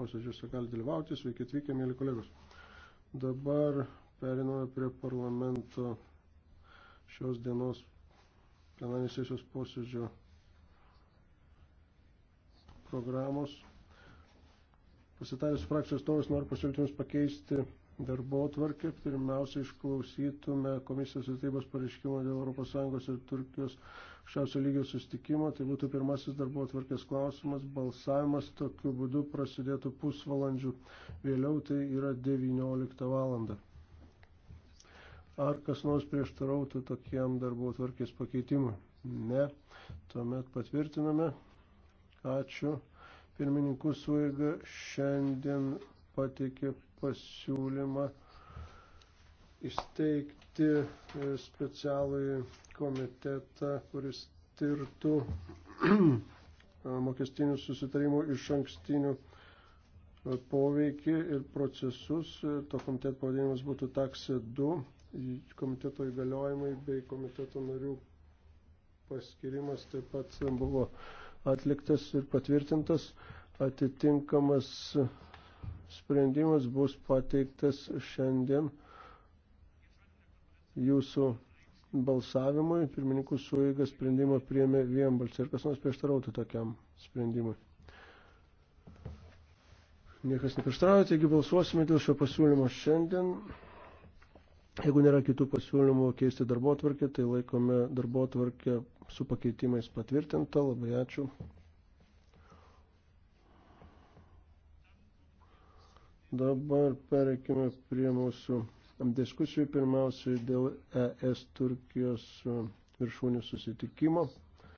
posėdžiuose gali dalyvauti. Sveiki atvykę, mėly kolegos. Dabar periname prie parlamento šios dienos plenarinės sesijos posėdžio programos. Pasitaręs frakcijos tovas noriu pasiūlyti jums pakeisti darbo tvarkę. Pirmiausia, išklausytume komisijos ir tarybos pareiškimo dėl ES ir Turkijos šiausio lygio sustikimo. Tai būtų pirmasis darbo tvarkės klausimas. Balsavimas tokiu būdu prasidėtų pusvalandžių vėliau, tai yra 19 valandą. Ar kas nors prieštarautų tokiam darbo tvarkės pakeitimui? Ne. Tuomet patvirtiname. Ačiū. Pirmininkų suėga šiandien pateikė pasiūlymą įsteigti e, specialųjį komitetą, kuris tirtų mokestinių susitarimų iš ankstinių poveikį ir procesus. E, to komiteto pavadinimas būtų taksė 2, komiteto įgaliojimai bei komiteto narių paskirimas taip pat buvo atliktas ir patvirtintas atitinkamas sprendimas bus pateiktas šiandien jūsų balsavimui. Pirmininkų suėga sprendimą priėmė vienbalsiai. Ir kas nors prieštarautų tokiam sprendimui? Niekas neprieštarauja, taigi balsuosime dėl šio pasiūlymo šiandien. Jeigu nėra kitų pasiūlymų keisti darbo tvarkę, tai laikome darbo tvarkę su pakeitimais patvirtinta. Labai ačiū. Dabar pereikime prie mūsų diskusijų pirmiausiai dėl ES Turkijos viršūnių susitikimo.